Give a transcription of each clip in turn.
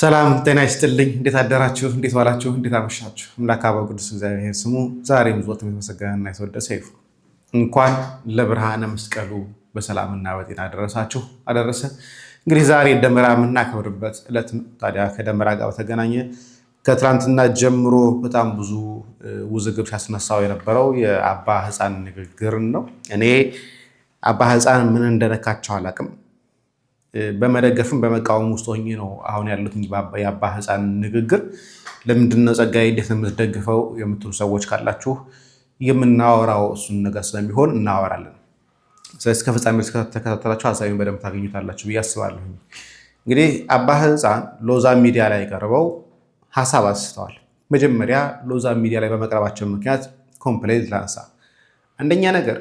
ሰላም ጤና ይስጥልኝ። እንዴት አደራችሁ? እንዴት ዋላችሁ? እንዴት አመሻችሁ? አምላክ አባ ቅዱስ እግዚአብሔር ስሙ ዛሬም ዘወትር የተመሰገነና የተወደሰ ይሁን። እንኳን ለብርሃነ መስቀሉ በሰላምና በጤና አደረሳችሁ አደረሰ። እንግዲህ ዛሬ ደመራ የምናከብርበት እለት ነው። ታዲያ ከደመራ ጋር በተገናኘ ከትናንትና ጀምሮ በጣም ብዙ ውዝግብ ሲያስነሳው የነበረው የአባ ሕፃን ንግግርን ነው። እኔ አባ ሕፃን ምን እንደነካቸው አላቅም? በመደገፍም በመቃወም ውስጥ ሆኜ ነው አሁን ያሉት የአባ ህፃን ንግግር። ለምንድነው ጸጋዬ እንዴት ነው የምትደግፈው የምትሉ ሰዎች ካላችሁ የምናወራው እሱን ነገር ስለሚሆን እናወራለን። ስለዚህ ከፍጻሜ ፍጻሜ ሀሳቢን በደንብ ታገኙታላችሁ ብዬ አስባለሁ። እንግዲህ አባ ህፃን ሎዛ ሚዲያ ላይ ቀርበው ሀሳብ አንስተዋል። መጀመሪያ ሎዛ ሚዲያ ላይ በመቅረባቸው ምክንያት ኮምፕሌንት ላንሳ። አንደኛ ነገር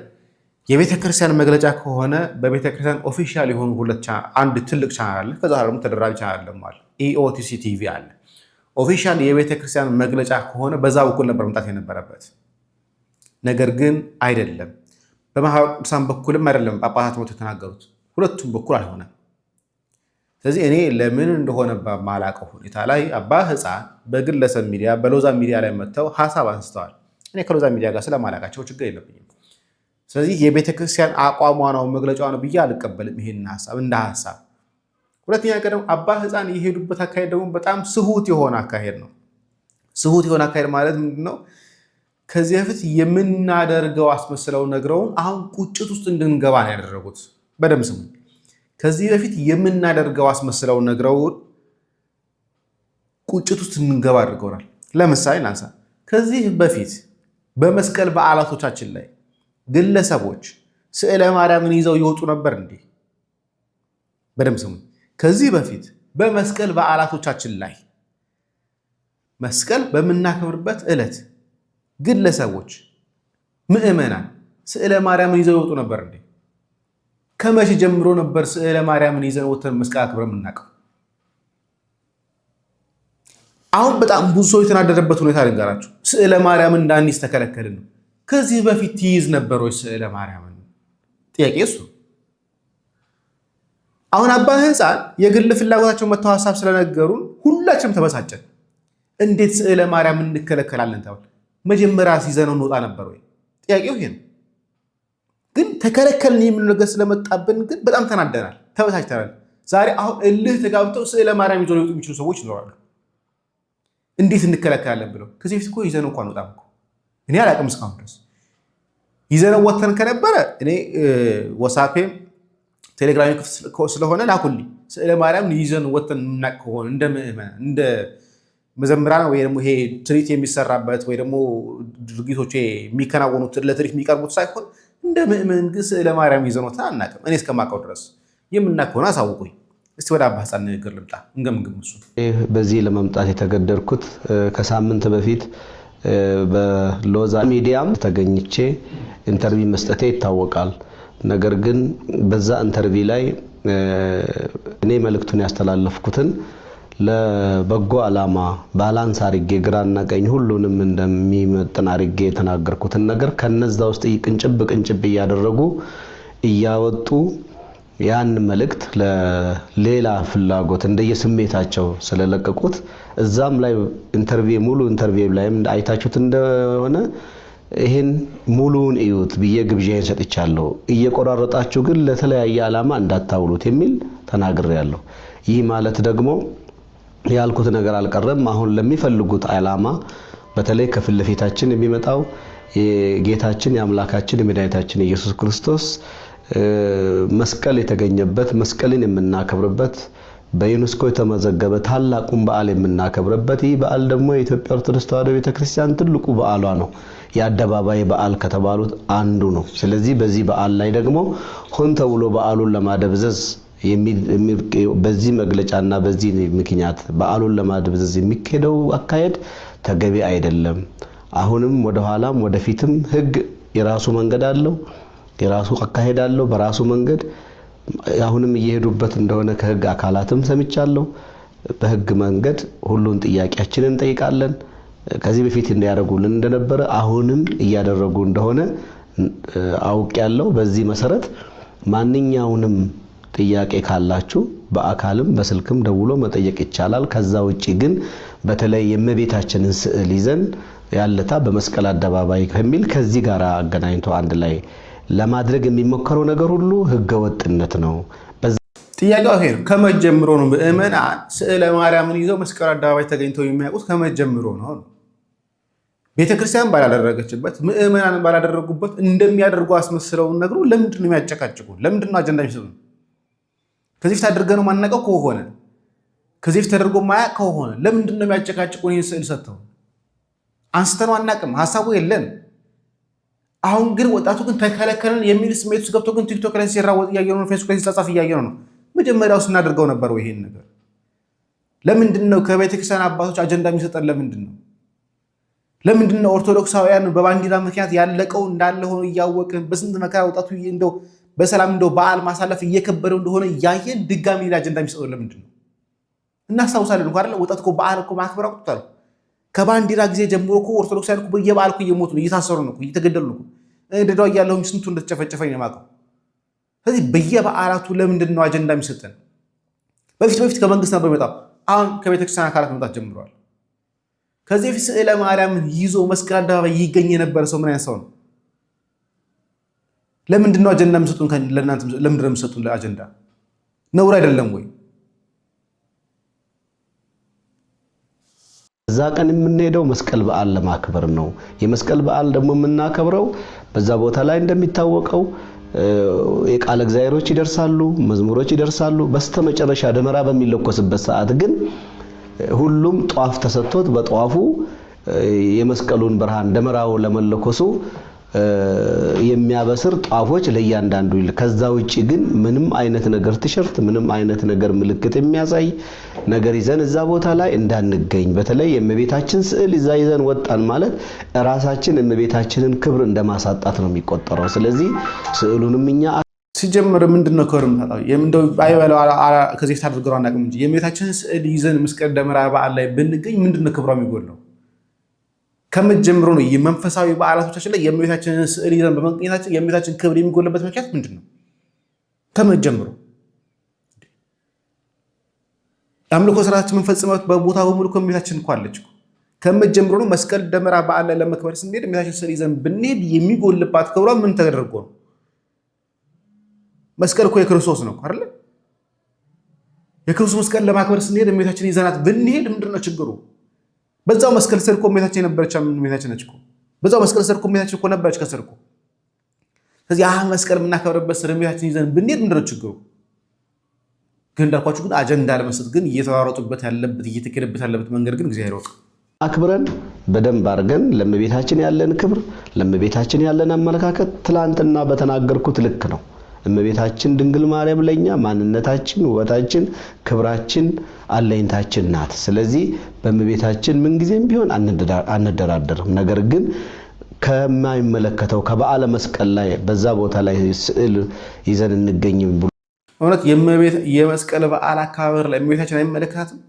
የቤተ ክርስቲያን መግለጫ ከሆነ በቤተ ክርስቲያን ኦፊሻል የሆኑ ሁለት አንድ ትልቅ ቻናል አለ። ከዛ ደግሞ ተደራቢ ቻናል አለ፣ ኢኦቲሲ e ቲቪ አለ። ኦፊሻል የቤተ ክርስቲያን መግለጫ ከሆነ በዛ በኩል ነበር መምጣት የነበረበት፣ ነገር ግን አይደለም። በማኅበረ ቅዱሳን በኩልም አይደለም ጳጳሳት ሞት የተናገሩት፣ ሁለቱም በኩል አልሆነም። ስለዚህ እኔ ለምን እንደሆነ በማላውቀው ሁኔታ ላይ አባ ሕፃን በግለሰብ ሚዲያ በሎዛ ሚዲያ ላይ መጥተው ሀሳብ አንስተዋል። እኔ ከሎዛ ሚዲያ ጋር ስለማላውቃቸው ችግር የለብኝም። ስለዚህ የቤተክርስቲያን አቋሟ ነው መግለጫዋ ነው ብዬ አልቀበልም ይሄን ሀሳብ እንደ ሀሳብ። ሁለተኛ ቀደም አባ ህፃን የሄዱበት አካሄድ ደግሞ በጣም ስሁት የሆነ አካሄድ ነው። ስሁት የሆነ አካሄድ ማለት ምንድን ነው? ከዚህ በፊት የምናደርገው አስመስለው ነግረውን አሁን ቁጭት ውስጥ እንድንገባ ነው ያደረጉት። በደም ስሙ። ከዚህ በፊት የምናደርገው አስመስለው ነግረውን ቁጭት ውስጥ እንድንገባ አድርገውናል። ለምሳሌ ላንሳ። ከዚህ በፊት በመስቀል በዓላቶቻችን ላይ ግለሰቦች ስዕለ ማርያምን ይዘው ይወጡ ነበር እንዴ? በደም ስሙ። ከዚህ በፊት በመስቀል በዓላቶቻችን ላይ መስቀል በምናከብርበት ዕለት ግለሰቦች፣ ምዕመናን ስዕለ ማርያምን ይዘው ይወጡ ነበር እንዴ? ከመቼ ጀምሮ ነበር ስዕለ ማርያምን ይዘን ወተን መስቀል አክብረን የምናውቀው? አሁን በጣም ብዙ ሰው የተናደደበት ሁኔታ ልንገራችሁ። ስዕለ ማርያምን እንዳንይዝ ተከለከልን ነው ከዚህ በፊት ትይዝ ነበሮች ስዕለ ማርያምን ጥያቄ እሱ አሁን አባ ሕንፃን የግል ፍላጎታቸው መተው ሀሳብ ስለነገሩን ሁላችንም ተበሳጨን። እንዴት ስዕለ ማርያም እንከለከላለን ተባል። መጀመሪያ ሲዘነው እንወጣ ነበር ወይ? ጥያቄው ይሄ ነው። ግን ተከለከልን የሚለው ነገር ስለመጣብን ግን በጣም ተናደናል፣ ተበሳጭተናል። ዛሬ አሁን እልህ ተጋብተው ስዕለ ማርያም ይዞ ሊወጡ የሚችሉ ሰዎች ይኖራሉ። እንዴት እንከለከላለን ብለው ከዚህ በፊት እኮ ይዘነው እንኳን ወጣም እኔ አላቅም እስካሁን ድረስ ይዘነው ወተን ከነበረ እኔ ወሳፔም ቴሌግራሚ ስለሆነ ላኩልኝ። ስዕለ ማርያም ይዘን ወተን የምናቅ ከሆነ እንደ ምዕመናን እንደ መዘምራን ወይ ደግሞ ይሄ ትርኢት የሚሰራበት ወይ ደግሞ ድርጊቶች የሚከናወኑት ለትርኢት የሚቀርቡት ሳይሆን እንደ ምእመን ግን ስዕለ ማርያም ይዘን ወተን አናቅም። እኔ እስከማውቀው ድረስ የምናቅ ከሆነ አሳውቁኝ። እስቲ ወደ አባሳ ሕፃን ንግግር ልምጣ እንገምግም። እሱ በዚህ ለመምጣት የተገደድኩት ከሳምንት በፊት በሎዛ ሚዲያም ተገኝቼ ኢንተርቪ መስጠቴ ይታወቃል። ነገር ግን በዛ ኢንተርቪ ላይ እኔ መልእክቱን ያስተላለፍኩትን ለበጎ ዓላማ ባላንስ አርጌ ግራና ቀኝ ሁሉንም እንደሚመጥን አርጌ የተናገርኩትን ነገር ከነዛ ውስጥ ቅንጭብ ቅንጭብ እያደረጉ እያወጡ ያን መልእክት ለሌላ ፍላጎት እንደየስሜታቸው ስለለቀቁት እዛም ላይ ኢንተርቪው ሙሉ ኢንተርቪው ላይም አይታችሁት እንደሆነ ይህን ሙሉውን እዩት ብዬ ግብዣዬን ሰጥቻለሁ። እየቆራረጣችሁ ግን ለተለያየ ዓላማ እንዳታውሉት የሚል ተናግሬያለሁ። ይህ ማለት ደግሞ ያልኩት ነገር አልቀረም። አሁን ለሚፈልጉት ዓላማ በተለይ ከፊት ለፊታችን የሚመጣው የጌታችን የአምላካችን የመድኃኒታችን ኢየሱስ ክርስቶስ መስቀል የተገኘበት መስቀልን የምናከብርበት በዩኔስኮ የተመዘገበ ታላቁን በዓል የምናከብርበት ይህ በዓል ደግሞ የኢትዮጵያ ኦርቶዶክስ ተዋሕዶ ቤተክርስቲያን ትልቁ በዓሏ ነው። የአደባባይ በዓል ከተባሉት አንዱ ነው። ስለዚህ በዚህ በዓል ላይ ደግሞ ሆን ተብሎ በዓሉን ለማደብዘዝ በዚህ መግለጫና በዚህ ምክንያት በዓሉን ለማደብዘዝ የሚካሄደው አካሄድ ተገቢ አይደለም። አሁንም ወደኋላም ወደፊትም ሕግ የራሱ መንገድ አለው። የራሱ አካሄድ አለው በራሱ መንገድ አሁንም እየሄዱበት እንደሆነ ከህግ አካላትም ሰምቻለሁ። በህግ መንገድ ሁሉን ጥያቄያችንን እንጠይቃለን። ከዚህ በፊት እንዲያደርጉልን እንደነበረ አሁንም እያደረጉ እንደሆነ ያለው በዚህ መሰረት ማንኛውንም ጥያቄ ካላችሁ በአካልም በስልክም ደውሎ መጠየቅ ይቻላል። ከዛ ውጪ ግን በተለይ የእመቤታችንን ስዕል ይዘን ያለታ በመስቀል አደባባይ ከሚል ከዚህ ጋር አገናኝቶ አንድ ላይ ለማድረግ የሚሞከረው ነገር ሁሉ ህገወጥነት ነው። ጥያቄው ይሄ ነው። ከመጀምሮ ነው ምእመናን ስዕለ ማርያምን ይዘው መስቀል አደባባይ ተገኝተው የሚያውቁት ከመጀምሮ ነው። ቤተክርስቲያን ባላደረገችበት ምእመናን ባላደረጉበት እንደሚያደርጉ አስመስለውን ነግሩ ለምንድን ነው የሚያጨቃጭቁ? ለምንድን ነው አጀንዳ የሚሰጡ? ከዚህ ፊት አድርገን ማናውቀው ከሆነ ከዚህ ፊት ተደርጎ ማያውቅ ከሆነ ለምንድን ነው የሚያጨቃጭቁን ይህን ስዕል ሰጥተው አንስተነው አናውቅም። ሀሳቡ የለን አሁን ግን ወጣቱ ግን ተከለከለን የሚል ስሜት ውስጥ ገብቶ ግን ቲክቶክ ላይ ሲራወጥ እያየ ነው፣ ፌስቡክ ላይ ሲጻጻፍ እያየ ነው። መጀመሪያው ስናደርገው ነበር ይሄን ነገር? ለምንድን ነው ከቤተክርስቲያን አባቶች አጀንዳ የሚሰጠን? ለምንድን ነው ለምንድን ነው ኦርቶዶክሳውያን በባንዲራ ምክንያት ያለቀው እንዳለ ሆኖ እያወቅን በስንት መከራ ወጣቱ እንደው በሰላም እንደው በዓል ማሳለፍ እየከበደው እንደሆነ እያየን ድጋሚ ሌላ አጀንዳ የሚሰጠው ለምንድን ነው? እናስታውሳለን እንኳ አይደለ ወጣት እኮ በዓል እኮ ማክበር አውጥቷል። ከባንዲራ ጊዜ ጀምሮ እኮ ኦርቶዶክሳውያን እኮ በየበዓል እኮ እየሞቱ ነው፣ እየታሰሩ ነው፣ እየተገደሉ ነው። እንደዳው እያለሁኝ ስንቱ እንደተጨፈጨፈ ነው የማውቀው። ስለዚህ በየበዓላቱ ለምንድን ነው አጀንዳ የሚሰጠን? በፊት በፊት ከመንግስት ነበር የሚመጣው፣ አሁን ከቤተክርስቲያን አካላት መምጣት ጀምረዋል። ከዚህ በፊት ስዕለ ማርያምን ይዞ መስቀል አደባባይ ይገኝ የነበረ ሰው ምን አይነት ሰው ነው? ለምንድን ነው አጀንዳ የሚሰጡን? ለእናንተ ለምንድን ነው የሚሰጡን አጀንዳ? ነውር አይደለም ወይ? እዛ ቀን የምንሄደው መስቀል በዓል ለማክበር ነው። የመስቀል በዓል ደግሞ የምናከብረው በዛ ቦታ ላይ እንደሚታወቀው የቃለ እግዚአብሔሮች ይደርሳሉ፣ መዝሙሮች ይደርሳሉ። በስተመጨረሻ ደመራ በሚለኮስበት ሰዓት ግን ሁሉም ጧፍ ተሰጥቶት በጧፉ የመስቀሉን ብርሃን ደመራው ለመለኮሱ የሚያበስር ጧፎች ለእያንዳንዱ ይል። ከዛ ውጭ ግን ምንም አይነት ነገር ቲሸርት፣ ምንም አይነት ነገር ምልክት የሚያሳይ ነገር ይዘን እዛ ቦታ ላይ እንዳንገኝ። በተለይ የእመቤታችን ስዕል ይዛ ይዘን ወጣን ማለት ራሳችን የእመቤታችንን ክብር እንደማሳጣት ነው የሚቆጠረው። ስለዚህ ስዕሉንም እኛ ሲጀምር ምንድን ነው ክብር ምታጣው? እንደው አይበለው ከዚህ ታደርገው አናውቅም እንጂ የእመቤታችንን ስዕል ይዘን መስቀል ደመራ በዓል ላይ ብንገኝ ምንድነው ክብሯ የሚጎድለው? ከመጀመሩ ነው የመንፈሳዊ በዓላቶቻችን ላይ የእመቤታችንን ስዕል ይዘን በመገኘታችን የእመቤታችን ክብር የሚጎልበት ምክንያት ምንድን ነው? ከመጀመሩ አምልኮ ስርዓት የምንፈጽመት በቦታ በሙሉ እመቤታችን እኮ አለች። ከምትጀምሮ ነው መስቀል ደመራ በዓል ላይ ለመክበር ስንሄድ እመቤታችን ስዕል ይዘን ብንሄድ የሚጎልባት ክብሯ ምን ተደርጎ ነው? መስቀል እኮ የክርስቶስ ነው አይደለ? የክርስቶስ መስቀል ለማክበር ስንሄድ እመቤታችን ይዘናት ብንሄድ ምንድነው ችግሩ? በዛው መስቀል ስር እኮ እመቤታችን የነበረች እመቤታችን ነች እኮ። በዛው መስቀል ስር እኮ እመቤታችን እኮ ነበረች ከስር እኮ። ስለዚህ አህ መስቀል የምናከብርበት ስር እመቤታችን ይዘን ብንሄድ ምንድን ነው ችግሩ? ግን እንዳልኳችሁ ግን አጀንዳ ለመስጠት ግን እየተሯሯጡበት ያለበት እየተኬደበት ያለበት መንገድ ግን እግዚአብሔር አይሮቅ አክብረን በደንብ አድርገን ለእመቤታችን ያለን ክብር ለእመቤታችን ያለን አመለካከት ትላንትና በተናገርኩት ልክ ነው። እመቤታችን ድንግል ማርያም ለኛ ማንነታችን፣ ውበታችን፣ ክብራችን፣ አለኝታችን ናት። ስለዚህ በእመቤታችን ምንጊዜም ቢሆን አንደራደርም። ነገር ግን ከማይመለከተው ከበዓለ መስቀል ላይ በዛ ቦታ ላይ ስዕል ይዘን እንገኝም ብሎ እውነት የመስቀል በዓል አከባበር ላይ እመቤታችን አይመለከታትም።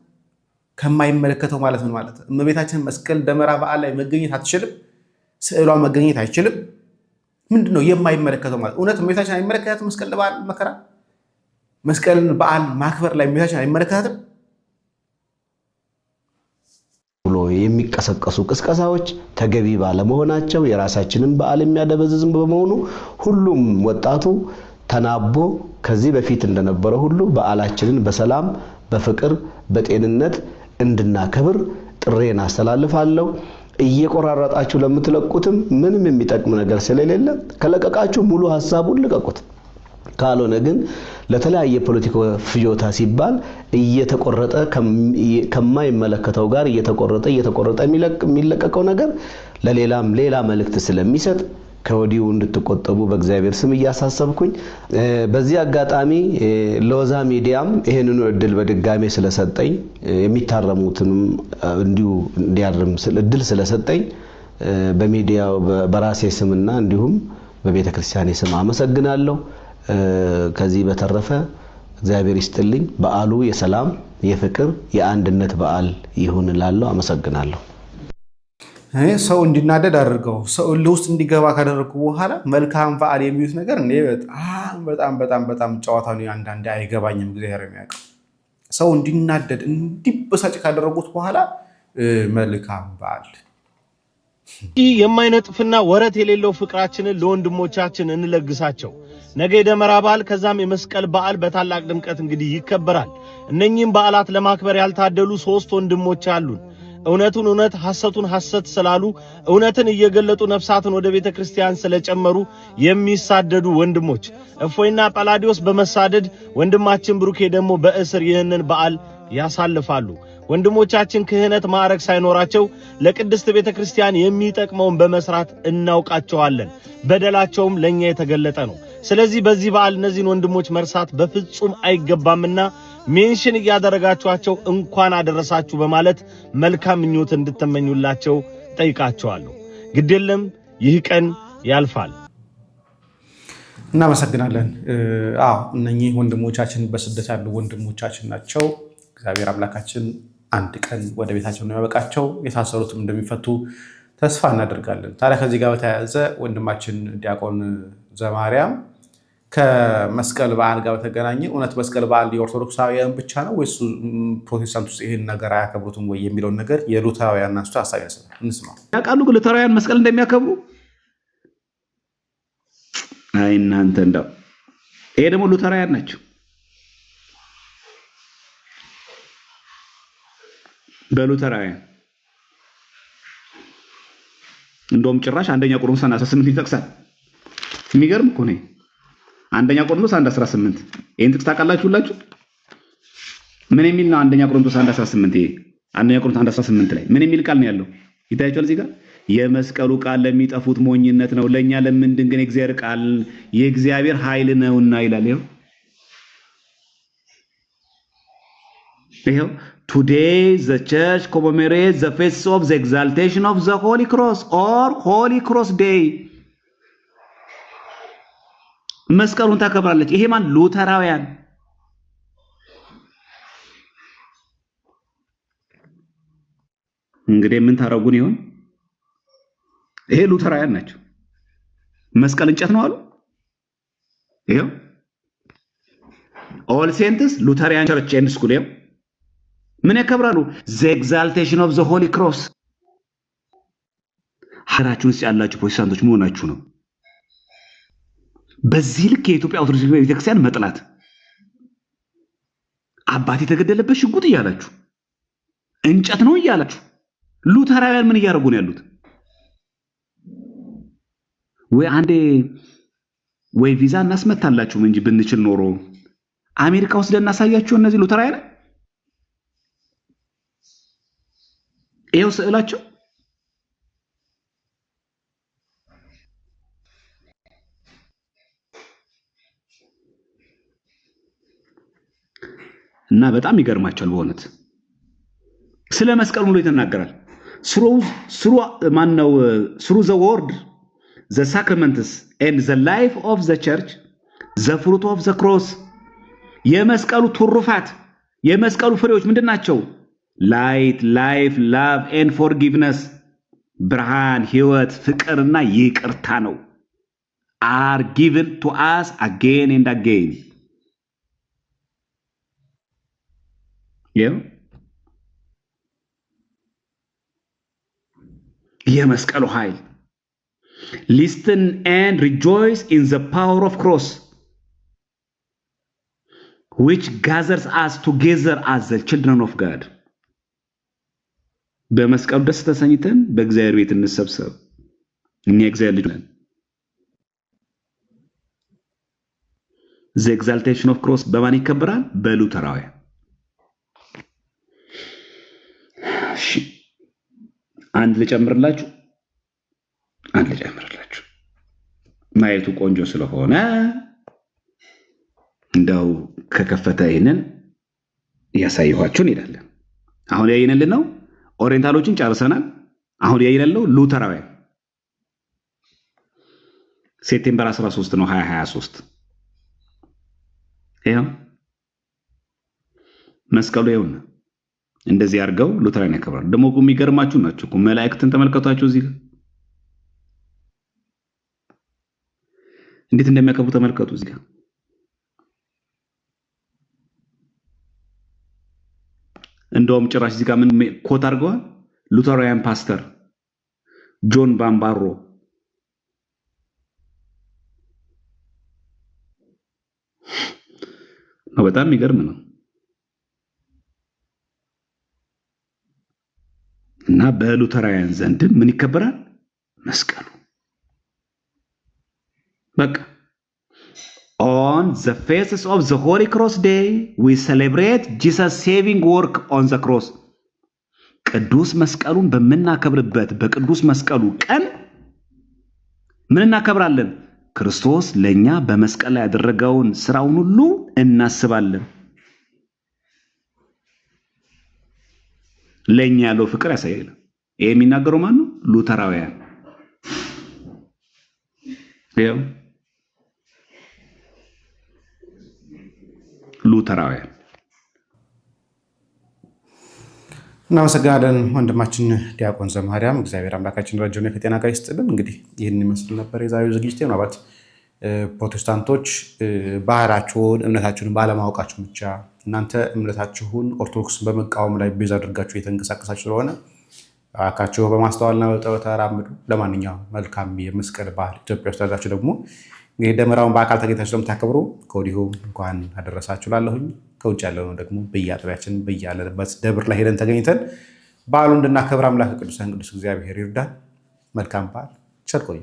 ከማይመለከተው ማለት ምን ማለት? እመቤታችን መስቀል ደመራ በዓል ላይ መገኘት አትችልም። ስዕሏ መገኘት አይችልም። ምንድን ነው የማይመለከተው ማለት እውነት እመቤታችን አይመለከታትም? መስቀል በዓል መከራ መስቀልን በዓል ማክበር ላይ እመቤታችን አይመለከታትም ብሎ የሚቀሰቀሱ ቅስቀሳዎች ተገቢ ባለመሆናቸው የራሳችንን በዓል የሚያደበዝዝም በመሆኑ ሁሉም ወጣቱ ተናቦ ከዚህ በፊት እንደነበረ ሁሉ በዓላችንን በሰላም በፍቅር በጤንነት እንድናከብር ጥሬን አስተላልፋለሁ። እየቆራረጣችሁ ለምትለቁትም ምንም የሚጠቅም ነገር ስለሌለ ከለቀቃችሁ ሙሉ ሀሳቡን ልቀቁት። ካልሆነ ግን ለተለያየ ፖለቲካ ፍጆታ ሲባል እየተቆረጠ ከማይመለከተው ጋር እየተቆረጠ እየተቆረጠ የሚለቀቀው ነገር ለሌላም ሌላ መልእክት ስለሚሰጥ ከወዲሁ እንድትቆጠቡ በእግዚአብሔር ስም እያሳሰብኩኝ በዚህ አጋጣሚ ሎዛ ሚዲያም ይህንኑ እድል በድጋሜ ስለሰጠኝ የሚታረሙትንም እንዲሁ እንዲያርም እድል ስለሰጠኝ በሚዲያው በራሴ ስምና እንዲሁም በቤተ ክርስቲያን ስም አመሰግናለሁ። ከዚህ በተረፈ እግዚአብሔር ይስጥልኝ። በዓሉ የሰላም የፍቅር፣ የአንድነት በዓል ይሁን እላለሁ። አመሰግናለሁ። ሰው እንዲናደድ አድርገው ሰው ውስጥ እንዲገባ ካደረግኩ በኋላ መልካም በዓል የሚሉት ነገር እኔ በጣም በጣም በጣም በጣም ጨዋታ ነው። አንዳንዴ አይገባኝም። እግዚአብሔር የሚያውቀው ሰው እንዲናደድ እንዲበሳጭ ካደረጉት በኋላ መልካም በዓል። ይህ የማይነጥፍና ወረት የሌለው ፍቅራችንን ለወንድሞቻችን እንለግሳቸው። ነገ የደመራ በዓል ከዛም የመስቀል በዓል በታላቅ ድምቀት እንግዲህ ይከበራል። እነኚህም በዓላት ለማክበር ያልታደሉ ሶስት ወንድሞች አሉን። እውነቱን እውነት ሐሰቱን ሐሰት ስላሉ እውነትን እየገለጡ ነፍሳትን ወደ ቤተ ክርስቲያን ስለጨመሩ የሚሳደዱ ወንድሞች እፎይና ጳላዲዮስ በመሳደድ ወንድማችን ብሩኬ ደግሞ በእስር ይህንን በዓል ያሳልፋሉ። ወንድሞቻችን ክህነት ማዕረግ ሳይኖራቸው ለቅድስት ቤተ ክርስቲያን የሚጠቅመውን በመስራት እናውቃቸዋለን። በደላቸውም ለእኛ የተገለጠ ነው። ስለዚህ በዚህ በዓል እነዚህን ወንድሞች መርሳት በፍጹም አይገባምና ሜንሽን እያደረጋችኋቸው እንኳን አደረሳችሁ በማለት መልካም ምኞት እንድትመኙላቸው ጠይቃቸዋለሁ። ግድ የለም ይህ ቀን ያልፋል። እናመሰግናለን። አዎ እነኚህ ወንድሞቻችን በስደት ያሉ ወንድሞቻችን ናቸው። እግዚአብሔር አምላካችን አንድ ቀን ወደ ቤታቸው የሚያበቃቸው የታሰሩትም እንደሚፈቱ ተስፋ እናደርጋለን። ታዲያ ከዚህ ጋር በተያያዘ ወንድማችን ዲያቆን ዘማርያም ከመስቀል በዓል ጋር በተገናኘ እውነት መስቀል በዓል የኦርቶዶክሳውያን ብቻ ነው ወይስ ፕሮቴስታንት ውስጥ ይህን ነገር አያከብሩትም ወይ የሚለውን ነገር የሉተራውያን አንስቶ ሀሳብ ይመስላል። እንስማ። ያውቃሉ ሉተራውያን መስቀል እንደሚያከብሩ። አይ እናንተ እንደው ይሄ ደግሞ ሉተራውያን ናቸው። በሉተራውያን እንደውም ጭራሽ አንደኛ ቆሮንቶስ 18 ይጠቅሳል። የሚገርም እኮ ነው። አንደኛ ቆሮንቶስ 1:18 ይሄን ጥቅስ ታውቃላችሁ ሁላችሁ። ምን የሚል ነው? አንደኛ ቆሮንቶስ 1:18 ይሄ አንደኛ ቆሮንቶስ 1:18 ላይ ምን የሚል ቃል ነው ያለው? ይታያችኋል እዚህ ጋር የመስቀሉ ቃል ለሚጠፉት ሞኝነት ነው፣ ለእኛ ለምንድን ግን የእግዚአብሔር ቃል የእግዚአብሔር ኃይል ነውና ይላል። ይኸው ይኸው ቱዴይ ዘ ቸርች ኮሜሞሬት ዘ ፌስ ኦፍ ዘ ኤግዛልቴሽን ኦፍ ዘ ሆሊ ክሮስ ኦር ሆሊ ክሮስ ዴይ መስቀሉን ታከብራለች። ይሄ ማን? ሉተራውያን። እንግዲህ ምን ታረጉን ይሆን? ይሄ ሉተራውያን ናቸው። መስቀል እንጨት ነው አሉ። ይሄው ኦል ሴንትስ ሉተሪያን ቸርች ኤንድ ስኩል ይሄው ምን ያከብራሉ? ዘ ኤግዛልቴሽን ኦፍ ዘ ሆሊ ክሮስ። ሀገራችሁን ውስጥ ያላችሁ ፕሮቴስታንቶች መሆናችሁ ነው። በዚህ ልክ የኢትዮጵያ ኦርቶዶክስ ቤተክርስቲያን መጥላት አባት የተገደለበት ሽጉጥ እያላችሁ እንጨት ነው እያላችሁ ሉተራውያን ምን እያደረጉ ነው ያሉት? ወይ አንዴ ወይ ቪዛ እናስመታላችሁም እንጂ ብንችል ኖሮ አሜሪካ ውስጥ እናሳያችሁ። እነዚህ ሉተራውያን ይኸው ስዕላቸው እና በጣም ይገርማቸዋል በእውነት ስለ መስቀል ሙሉ ይተናገራል። ስሩ ማነው ስሩ ዘ ወርድ ዘ ሳክረመንትስ ኤንድ ዘ ላይፍ ኦፍ ዘ ቸርች ዘ ፍሩት ኦፍ ዘ ክሮስ የመስቀሉ ትሩፋት የመስቀሉ ፍሬዎች ምንድን ናቸው? ላይት ላይፍ ላቭ ኤንድ ፎርጊቭነስ ብርሃን፣ ህይወት፣ ፍቅርና ይቅርታ ነው። አር ጊቭን ቱ አስ አጌን ኤንድ አጌን የመስቀሉ ኃይል ሊስትን ኤንድ ሪጆይስ ኢን ዘ ፓወር ኦፍ ክሮስ ዊች ጋዘርስ አስ ቱጌዘር አዘ ችልድረን ኦፍ ጋድ። በመስቀሉ ደስ ተሰኝተን በእግዚአብሔር ቤት እንሰብሰብ። እኛ እግዚአብሔር ልጅ ነን። ዘ ኤግዛልቴሽን ኦፍ ክሮስ በማን ይከበራል? በሉተራውያን እሺ አንድ ልጨምርላችሁ አንድ ልጨምርላችሁ ማየቱ ቆንጆ ስለሆነ እንደው ከከፈተ ይህንን እያሳየኋችሁ እንሄዳለን። አሁን ያየንልን ነው ኦሪየንታሎችን ጨርሰናል። አሁን ያየንልን ነው ሉተራውያን ሴፕቴምበር 13 ነው 2023 ይኸው መስቀሉ ይኸውና እንደዚህ አድርገው ሉተራን ያከብራሉ። ደግሞ እኮ የሚገርማችሁ ናቸው እኮ መላእክትን ተመልከቷቸው። እዚህ ጋር እንዴት እንደሚያከብሩ ተመልከቱ። እዚህ ጋር እንደውም ጭራሽ እዚህ ጋር ምን ኮት አድርገዋል? ሉተራውያን ፓስተር ጆን ባምባሮ በጣም የሚገርም ነው። እና በሉተራውያን ዘንድም ምን ይከበራል? መስቀሉ። በቃ ኦን ዘ ፌስስ ኦፍ ዘ ሆሊ ክሮስ ዴይ ዊ ሴሌብሬት ጂሰስ ሴቪንግ ወርክ ኦን ዘ ክሮስ። ቅዱስ መስቀሉን በምናከብርበት በቅዱስ መስቀሉ ቀን ምን እናከብራለን? ክርስቶስ ለእኛ በመስቀል ላይ ያደረገውን ስራውን ሁሉ እናስባለን። ለእኛ ያለው ፍቅር ያሳያል። ይሄ የሚናገረው ማን ነው? ሉተራውያን። ይኸው ሉተራውያን። እናመሰግናለን ወንድማችን ዲያቆን ዘማርያም። እግዚአብሔር አምላካችን ረጅም የጤና ጋር ይስጥልን። እንግዲህ ይህን ይመስል ነበር የዛሬው ዝግጅት። ምናልባት ፕሮቴስታንቶች ባህላችሁን እምነታቸውን ባለማወቃቸው ብቻ እናንተ እምነታችሁን ኦርቶዶክስን በመቃወም ላይ ቤዝ አድርጋችሁ የተንቀሳቀሳችሁ ስለሆነ አካችሁ በማስተዋልና በጥበብ ተራምዱ። ለማንኛውም መልካም የመስቀል በዓል ኢትዮጵያ ውስጥ ያላችሁ ደግሞ እንግዲህ ደመራውን በአካል ተገኝታችሁ ስለምታከብሩ ከወዲሁ እንኳን አደረሳችሁ ላለሁኝ። ከውጭ ያለነው ደግሞ በየአጥቢያችን በያለበት ደብር ላይ ሄደን ተገኝተን በዓሉ እንድናከብር አምላክ ቅዱሳን ቅዱስ እግዚአብሔር ይርዳን። መልካም በዓል ቸር ቆዩ።